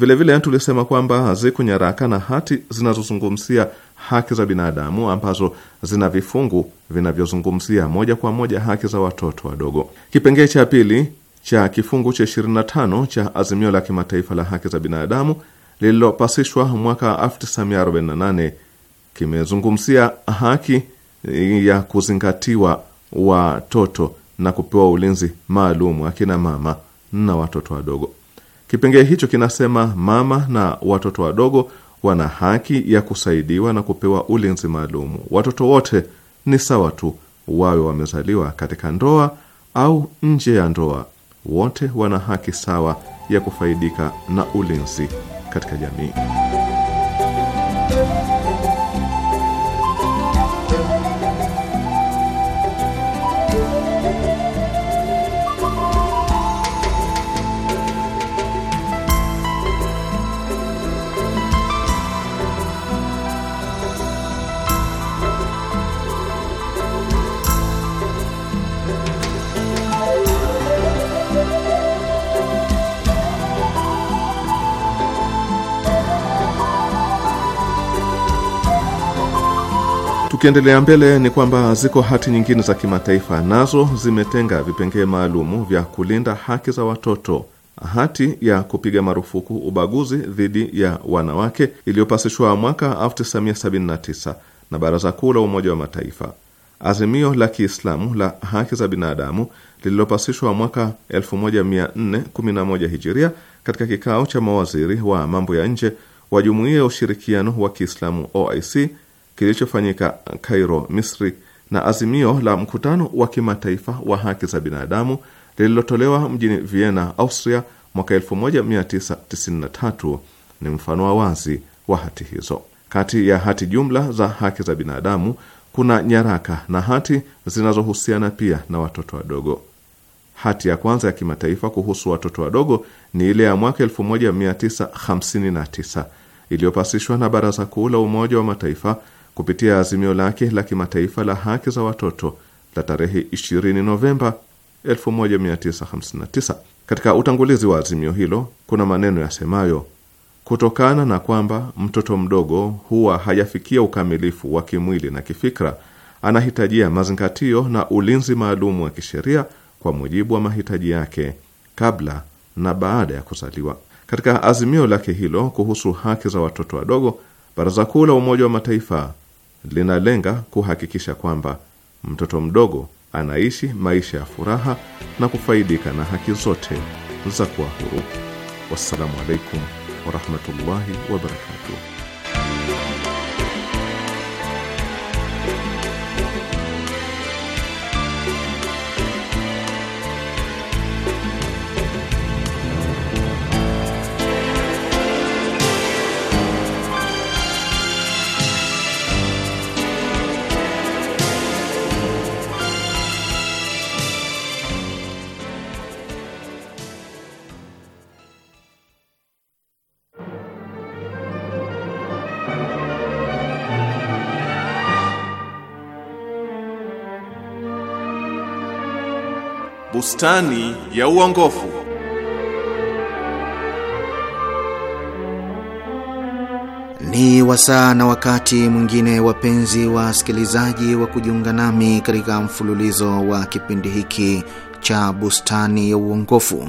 Vilevile tulisema kwamba ziko nyaraka na hati zinazozungumzia haki za binadamu ambazo zina vifungu vinavyozungumzia moja kwa moja haki za watoto wadogo. Kipengee cha pili cha kifungu cha 25 cha Azimio la Kimataifa la Haki za Binadamu lililopasishwa mwaka 1948 kimezungumzia haki ya kuzingatiwa watoto na kupewa ulinzi maalum akina mama na watoto wadogo. Kipengee hicho kinasema mama na watoto wadogo wana haki ya kusaidiwa na kupewa ulinzi maalumu. Watoto wote ni sawa tu, wawe wamezaliwa katika ndoa au nje ya ndoa, wote wana haki sawa ya kufaidika na ulinzi katika jamii. Tukiendelea mbele ni kwamba ziko hati nyingine za kimataifa nazo zimetenga vipengee maalumu vya kulinda haki za watoto. Hati ya kupiga marufuku ubaguzi dhidi ya wanawake iliyopasishwa mwaka 1979 na Baraza Kuu la Umoja wa Mataifa, azimio la Kiislamu la haki za binadamu lililopasishwa mwaka 1411 Hijiria katika kikao cha mawaziri wa mambo ya nje wa Jumuiya ya Ushirikiano wa Kiislamu OIC kilichofanyika Cairo, Misri na azimio la mkutano wa kimataifa wa haki za binadamu lililotolewa mjini Vienna, Austria mwaka 1993 ni mfano wa wazi wa hati hizo. Kati ya hati jumla za haki za binadamu kuna nyaraka na hati zinazohusiana pia na watoto wadogo. Hati ya kwanza ya kimataifa kuhusu watoto wadogo ni ile ya mwaka 1959 iliyopasishwa na Baraza Kuu la Umoja wa Mataifa kupitia azimio lake la kimataifa la haki za watoto la tarehe 20 Novemba 1959. Katika utangulizi wa azimio hilo kuna maneno yasemayo, kutokana na kwamba mtoto mdogo huwa hajafikia ukamilifu wa kimwili na kifikra, anahitajia mazingatio na ulinzi maalum wa kisheria kwa mujibu wa mahitaji yake kabla na baada ya kuzaliwa. Katika azimio lake hilo kuhusu haki za watoto wadogo, Baraza Kuu la Umoja wa Mataifa linalenga kuhakikisha kwamba mtoto mdogo anaishi maisha ya furaha na kufaidika na haki zote za kuwa huru. Wassalamu alaikum warahmatullahi wabarakatuh. bustani ya uongofu. Ni wasaa na wakati mwingine, wapenzi wasikilizaji, wa kujiunga nami katika mfululizo wa kipindi hiki cha bustani ya uongofu.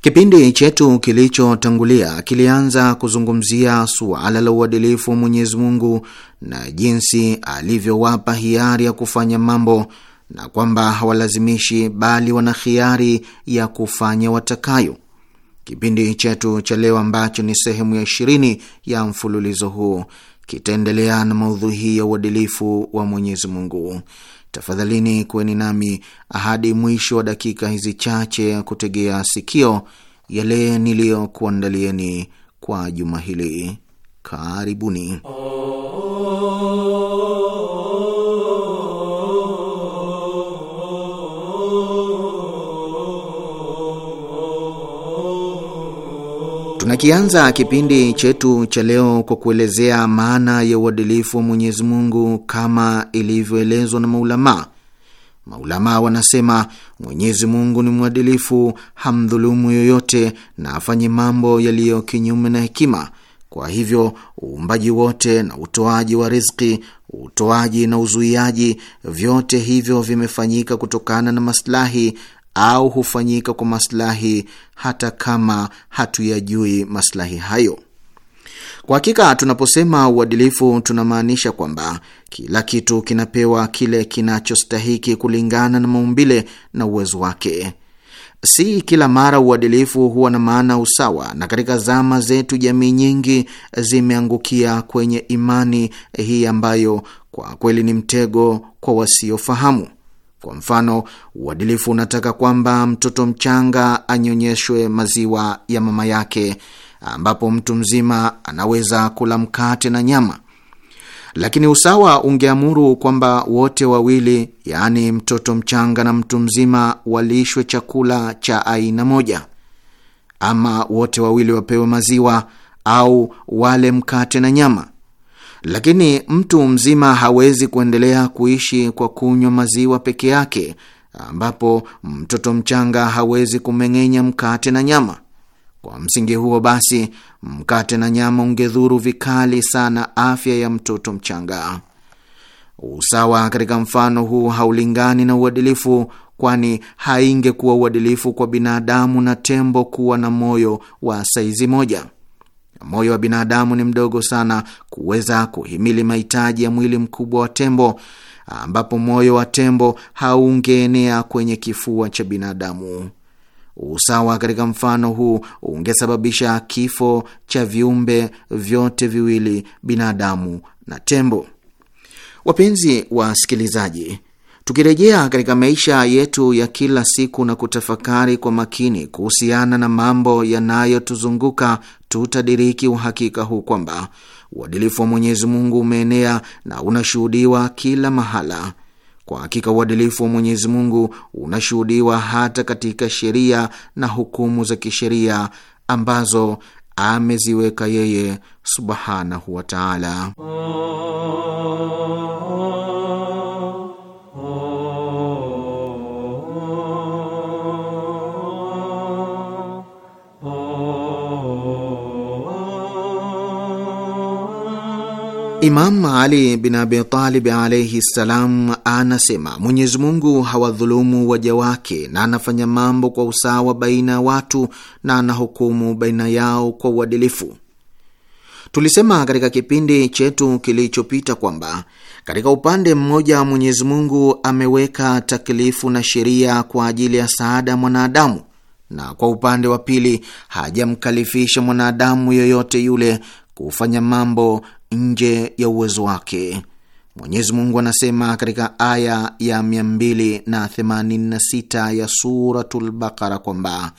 Kipindi chetu kilichotangulia kilianza kuzungumzia suala la uadilifu wa Mwenyezi Mungu na jinsi alivyowapa hiari ya kufanya mambo na kwamba hawalazimishi bali wana hiari ya kufanya watakayo. Kipindi chetu cha leo ambacho ni sehemu ya ishirini ya mfululizo huu kitaendelea na maudhui hii ya uadilifu wa Mwenyezi Mungu. Tafadhalini kuweni nami hadi mwisho wa dakika hizi chache ya kutegea sikio yale niliyokuandalieni kwa juma hili. Karibuni. oh. oh, oh. Tunakianza kipindi chetu cha leo kwa kuelezea maana ya uadilifu wa Mwenyezi Mungu kama ilivyoelezwa na maulamaa. Maulamaa wanasema Mwenyezi Mungu ni mwadilifu, hamdhulumu yoyote na afanye mambo yaliyo kinyume na hekima. Kwa hivyo uumbaji wote na utoaji wa riziki, utoaji na uzuiaji, vyote hivyo vimefanyika kutokana na maslahi au hufanyika kwa maslahi hata kama hatuyajui maslahi hayo. Kwa hakika tunaposema uadilifu, tunamaanisha kwamba kila kitu kinapewa kile kinachostahiki kulingana na maumbile na uwezo wake. Si kila mara uadilifu huwa na maana usawa, na katika zama zetu jamii nyingi zimeangukia kwenye imani hii ambayo kwa kweli ni mtego kwa wasiofahamu. Kwa mfano, uadilifu unataka kwamba mtoto mchanga anyonyeshwe maziwa ya mama yake, ambapo mtu mzima anaweza kula mkate na nyama. Lakini usawa ungeamuru kwamba wote wawili, yaani mtoto mchanga na mtu mzima, walishwe chakula cha aina moja, ama wote wawili wapewe maziwa au wale mkate na nyama lakini mtu mzima hawezi kuendelea kuishi kwa kunywa maziwa peke yake, ambapo mtoto mchanga hawezi kumeng'enya mkate na nyama. Kwa msingi huo basi, mkate na nyama ungedhuru vikali sana afya ya mtoto mchanga. Usawa katika mfano huu haulingani na uadilifu, kwani haingekuwa uadilifu kwa binadamu na tembo kuwa na moyo wa saizi moja na moyo wa binadamu ni mdogo sana kuweza kuhimili mahitaji ya mwili mkubwa wa tembo, ambapo moyo wa tembo haungeenea kwenye kifua cha binadamu. Usawa katika mfano huu ungesababisha kifo cha viumbe vyote viwili, binadamu na tembo. Wapenzi wasikilizaji, Tukirejea katika maisha yetu ya kila siku na kutafakari kwa makini kuhusiana na mambo yanayotuzunguka, tutadiriki uhakika huu kwamba uadilifu wa Mwenyezi Mungu umeenea na unashuhudiwa kila mahala. Kwa hakika uadilifu wa Mwenyezi Mungu unashuhudiwa hata katika sheria na hukumu za kisheria ambazo ameziweka yeye subhanahu wa taala. Imam Ali bin Abi Talib alaihi ssalam anasema Mwenyezi Mungu hawadhulumu waja wake na anafanya mambo kwa usawa baina ya watu na anahukumu baina yao kwa uadilifu. Tulisema katika kipindi chetu kilichopita kwamba katika upande mmoja Mwenyezi Mungu ameweka taklifu na sheria kwa ajili ya saada mwanadamu, na kwa upande wa pili hajamkalifisha mwanadamu yoyote yule kufanya mambo nje ya uwezo wake. Mwenyezi Mungu anasema katika aya ya 286 ya Suratul Bakara kwamba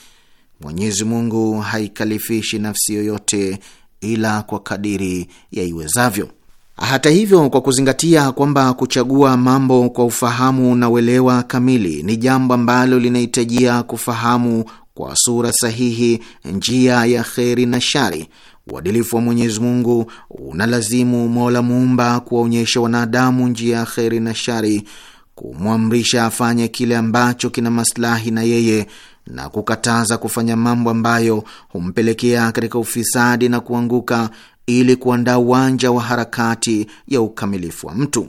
Mwenyezi Mungu haikalifishi nafsi yoyote ila kwa kadiri ya iwezavyo. Hata hivyo, kwa kuzingatia kwamba kuchagua mambo kwa ufahamu na uelewa kamili ni jambo ambalo linahitajia kufahamu kwa sura sahihi njia ya kheri na shari Uadilifu wa Mwenyezi Mungu unalazimu Mola Muumba kuwaonyesha wanadamu njia ya kheri na shari, kumwamrisha afanye kile ambacho kina maslahi na yeye na kukataza kufanya mambo ambayo humpelekea katika ufisadi na kuanguka, ili kuandaa uwanja wa harakati ya ukamilifu wa mtu.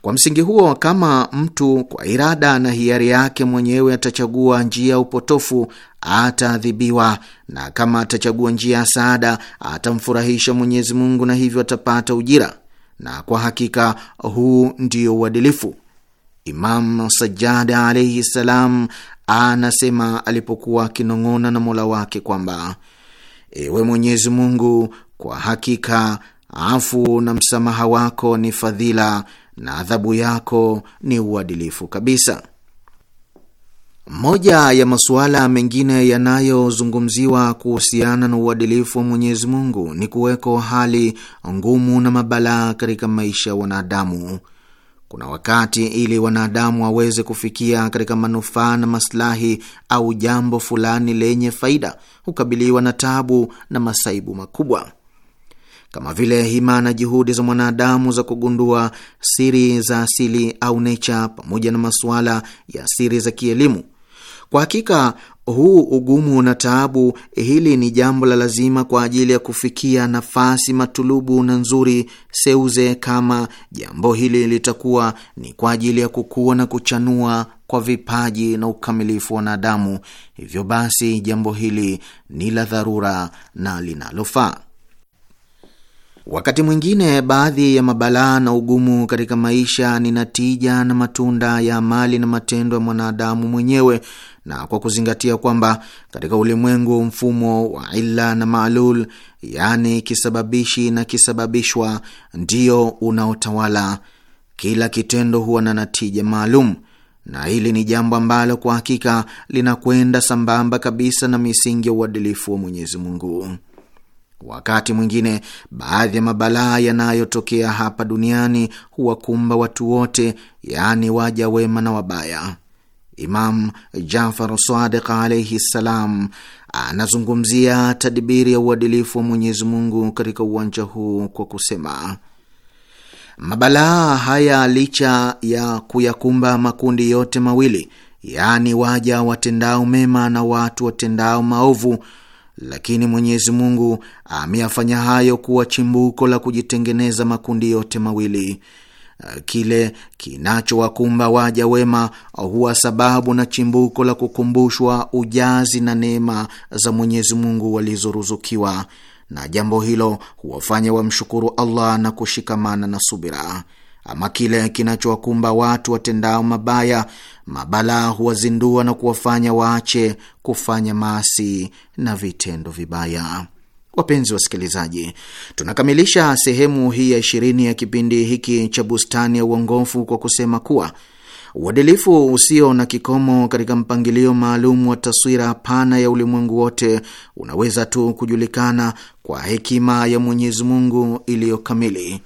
Kwa msingi huo, kama mtu kwa irada na hiari yake mwenyewe atachagua njia ya upotofu ataadhibiwa, na kama atachagua njia ya saada atamfurahisha Mwenyezi Mungu na hivyo atapata ujira, na kwa hakika huu ndio uadilifu. Imam Sajjad alaihi ssalam anasema alipokuwa akinong'ona na Mola wake kwamba ewe Mwenyezi Mungu, kwa hakika afu na msamaha wako ni fadhila na adhabu yako ni uadilifu kabisa. Moja ya masuala mengine yanayozungumziwa kuhusiana na uadilifu wa Mwenyezi Mungu ni kuwekwa hali ngumu na mabalaa katika maisha ya wanadamu. Kuna wakati ili wanadamu waweze kufikia katika manufaa na maslahi au jambo fulani lenye faida, hukabiliwa na tabu na masaibu makubwa kama vile hima na juhudi za mwanadamu za kugundua siri za asili au necha, pamoja na masuala ya siri za kielimu. Kwa hakika huu ugumu na taabu, hili ni jambo la lazima kwa ajili ya kufikia nafasi matulubu na nzuri seuze, kama jambo hili litakuwa ni kwa ajili ya kukua na kuchanua kwa vipaji na ukamilifu wa wanadamu. Hivyo basi, jambo hili ni la dharura na linalofaa. Wakati mwingine baadhi ya mabalaa na ugumu katika maisha ni natija na matunda ya amali na matendo ya mwanadamu mwenyewe, na kwa kuzingatia kwamba katika ulimwengu mfumo wa illa na maalul, yaani kisababishi na kisababishwa, ndio unaotawala, kila kitendo huwa na natija maalum na hili ni jambo ambalo kwa hakika linakwenda sambamba kabisa na misingi ya uadilifu wa Mwenyezi Mungu. Wakati mwingine baadhi ya mabalaa yanayotokea hapa duniani huwakumba watu wote, yaani waja wema na wabaya. Imam Jafar Sadiq alaihi ssalam anazungumzia tadbiri ya uadilifu wa Mwenyezi Mungu katika uwanja huu kwa kusema mabalaa haya licha ya kuyakumba makundi yote mawili, yaani waja watendao mema na watu watendao maovu lakini Mwenyezi Mungu ameyafanya hayo kuwa chimbuko la kujitengeneza makundi yote mawili. Kile kinachowakumba waja wema huwa sababu na chimbuko la kukumbushwa ujazi na neema za Mwenyezi Mungu walizoruzukiwa, na jambo hilo huwafanya wamshukuru Allah na kushikamana na subira ama kile kinachowakumba watu watendao mabaya, mabalaa huwazindua na kuwafanya waache kufanya maasi na vitendo vibaya. Wapenzi wasikilizaji, tunakamilisha sehemu hii ya ishirini ya kipindi hiki cha Bustani ya Uongofu kwa kusema kuwa uadilifu usio na kikomo katika mpangilio maalum wa taswira pana ya ulimwengu wote unaweza tu kujulikana kwa hekima ya Mwenyezi Mungu iliyo kamili.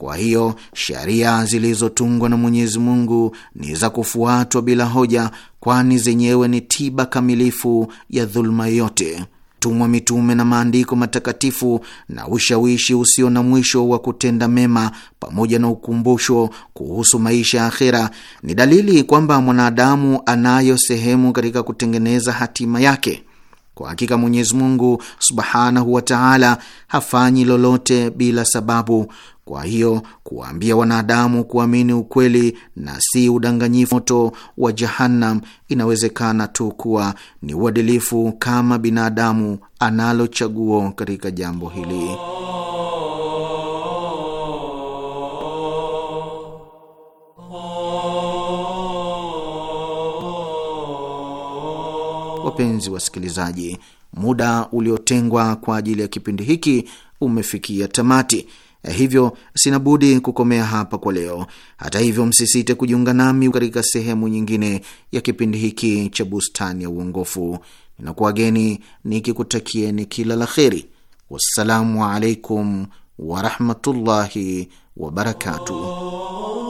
Kwa hiyo sheria zilizotungwa na Mwenyezi Mungu ni za kufuatwa bila hoja, kwani zenyewe ni tiba kamilifu ya dhuluma yote tumwa mitume na maandiko matakatifu na ushawishi usio na mwisho wa kutenda mema pamoja na ukumbusho kuhusu maisha ya akhera ni dalili kwamba mwanadamu anayo sehemu katika kutengeneza hatima yake. Kwa hakika Mwenyezi Mungu subhanahu wa taala hafanyi lolote bila sababu, kwa hiyo kuwaambia wanadamu kuamini ukweli na si udanganyifu moto wa Jahannam inawezekana tu kuwa ni uadilifu kama binadamu analo chaguo katika jambo hili. Wapenzi wasikilizaji, muda uliotengwa kwa ajili ya kipindi hiki umefikia tamati. Eh, hivyo sina budi kukomea hapa kwa leo. Hata hivyo, msisite kujiunga nami katika sehemu nyingine ya kipindi hiki cha Bustani ya Uongofu. Ninakuwageni nikikutakieni kila la kheri. Wassalamu alaikum warahmatullahi wabarakatuh.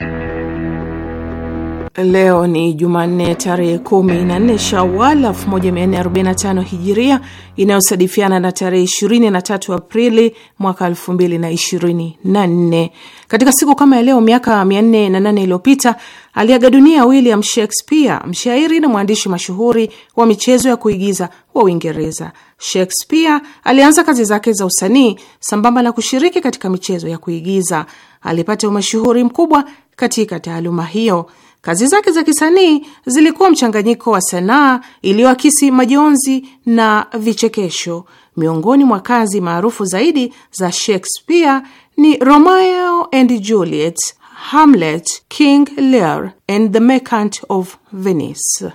Leo ni Jumanne tarehe 14 Shawal 1445 Hijiria inayosadifiana na tarehe 23 Aprili mwaka 2024. Katika siku kama ya leo miaka 408 iliyopita aliaga dunia William Shakespeare, mshairi na mwandishi mashuhuri wa michezo ya kuigiza wa Uingereza. Shakespeare alianza kazi zake za usanii sambamba na kushiriki katika michezo ya kuigiza. Alipata umashuhuri mkubwa katika taaluma hiyo. Kazi zake za kisanii zilikuwa mchanganyiko wa sanaa iliyoakisi majonzi na vichekesho. Miongoni mwa kazi maarufu zaidi za Shakespeare ni Romeo and Juliet, Hamlet, King Lear and the Merchant of Venice.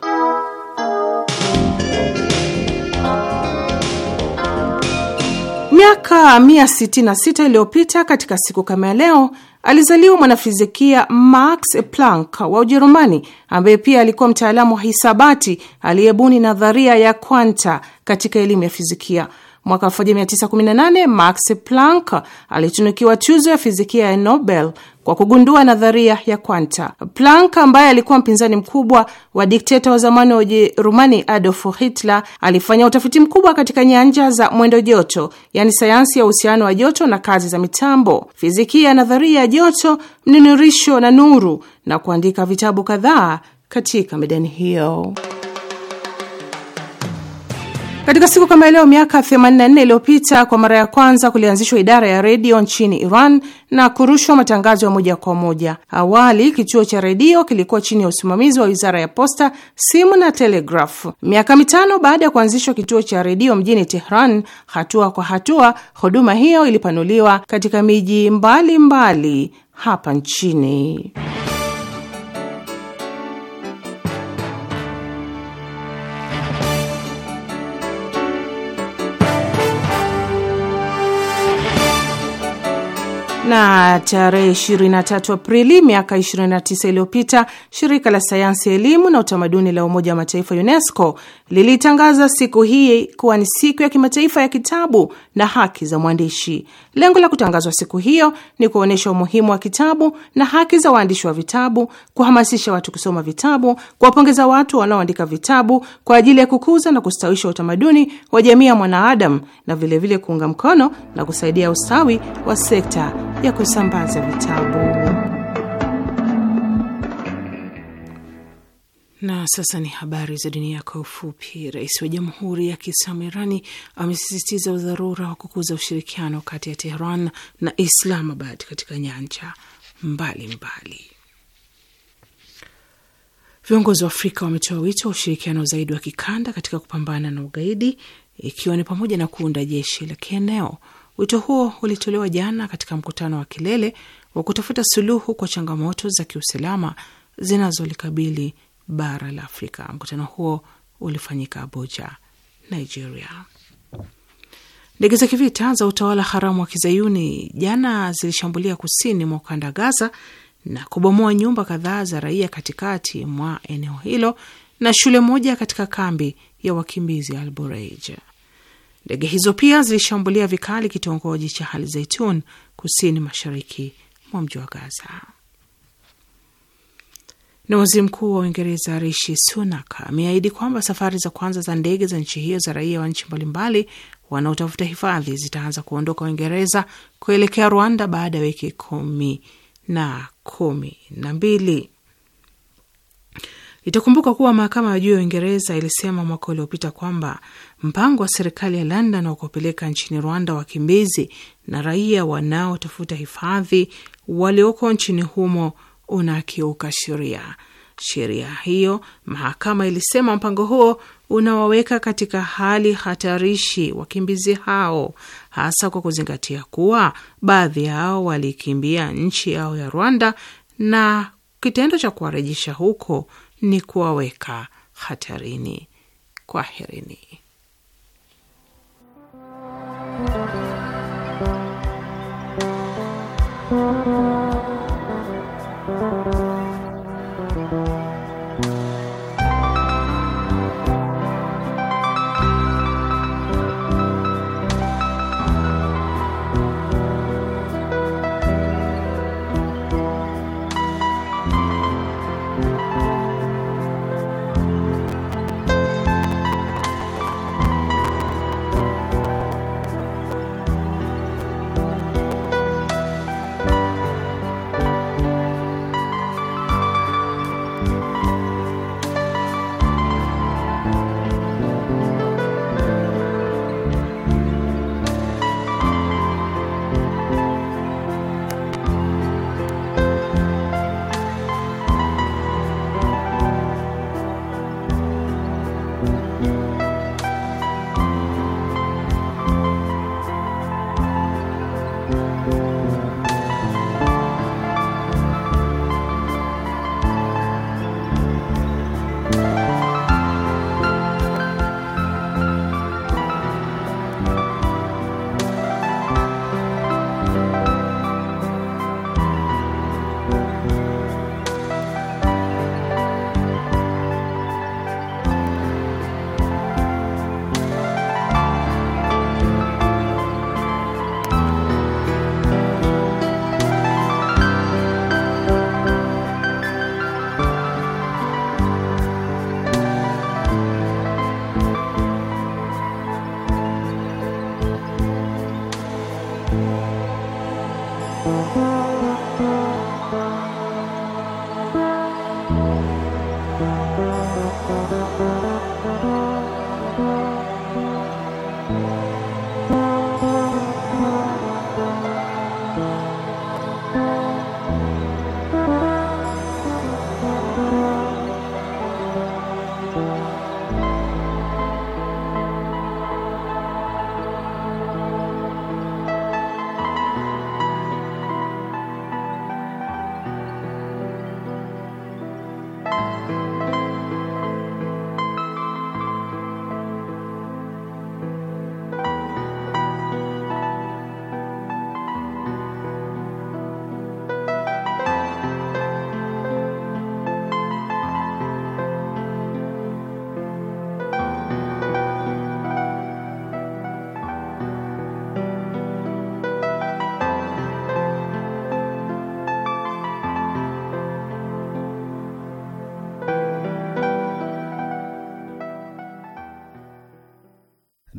Miaka 166 iliyopita katika siku kama ya leo Alizaliwa mwanafizikia Max Planck wa Ujerumani, ambaye pia alikuwa mtaalamu wa hisabati aliyebuni nadharia ya kwanta katika elimu ya fizikia. Mwaka 1918 Max Planck alitunukiwa tuzo ya fizikia ya Nobel kwa kugundua nadharia ya kwanta. Planck ambaye alikuwa mpinzani mkubwa wa dikteta wa zamani wa Ujerumani Adolf Hitler alifanya utafiti mkubwa katika nyanja za mwendo joto, yaani sayansi ya uhusiano wa joto na kazi za mitambo, fizikia ya nadharia ya joto, mnunurisho na nuru, na kuandika vitabu kadhaa katika medani hiyo. Katika siku kama leo miaka 84 iliyopita kwa mara ya kwanza kulianzishwa idara ya redio nchini Iran na kurushwa matangazo ya moja kwa moja. Awali kituo cha redio kilikuwa chini ya usimamizi wa wizara ya posta, simu na telegraf Miaka mitano baada ya kuanzishwa kituo cha redio mjini Tehran, hatua kwa hatua huduma hiyo ilipanuliwa katika miji mbalimbali mbali hapa nchini. Na tarehe 23 Aprili miaka 29 iliyopita, shirika la sayansi, elimu na utamaduni la Umoja wa Mataifa, UNESCO lilitangaza siku hii kuwa ni siku ya kimataifa ya kitabu na haki za mwandishi. Lengo la kutangazwa siku hiyo ni kuonyesha umuhimu wa kitabu na haki za waandishi wa vitabu, kuhamasisha watu kusoma vitabu, kuwapongeza watu wanaoandika vitabu kwa ajili ya kukuza na kustawisha utamaduni wa jamii ya mwanaadamu, na vilevile kuunga mkono na kusaidia ustawi wa sekta ya kusambaza vitabu. Na sasa ni habari za dunia kwa ufupi. Rais wa Jamhuri ya Kiislamu Irani amesisitiza udharura wa kukuza ushirikiano kati ya Tehran na Islamabad katika nyanja mbalimbali. Viongozi wa Afrika wametoa wito wa ushirikiano zaidi wa kikanda katika kupambana na ugaidi, ikiwa ni pamoja na kuunda jeshi la kieneo. Wito huo ulitolewa jana katika mkutano wa kilele wa kutafuta suluhu kwa changamoto za kiusalama zinazolikabili bara la Afrika. Mkutano huo ulifanyika Abuja, Nigeria. Ndege za kivita za utawala haramu wa kizayuni jana zilishambulia kusini mwa ukanda Gaza na kubomoa nyumba kadhaa za raia katikati mwa eneo hilo na shule moja katika kambi ya wakimbizi Al Bureij. Ndege hizo pia zilishambulia vikali kitongoji cha Hal Zaitun kusini mashariki mwa mji wa Gaza. Na waziri mkuu wa Uingereza Rishi Sunak ameahidi kwamba safari za kwanza za ndege za nchi hiyo za raia wa nchi mbalimbali wanaotafuta hifadhi zitaanza kuondoka Uingereza kuelekea Rwanda baada ya wiki kumi na kumi na mbili. Itakumbuka kuwa mahakama ya juu ya Uingereza ilisema mwaka uliopita kwamba mpango wa serikali ya London wa kupeleka nchini Rwanda wakimbizi na raia wanaotafuta hifadhi walioko nchini humo unakiuka sheria. Sheria hiyo, mahakama ilisema, mpango huo unawaweka katika hali hatarishi wakimbizi hao, hasa kwa kuzingatia kuwa baadhi yao walikimbia nchi yao ya Rwanda na kitendo cha kuwarejesha huko ni kuwaweka hatarini. Kwaherini.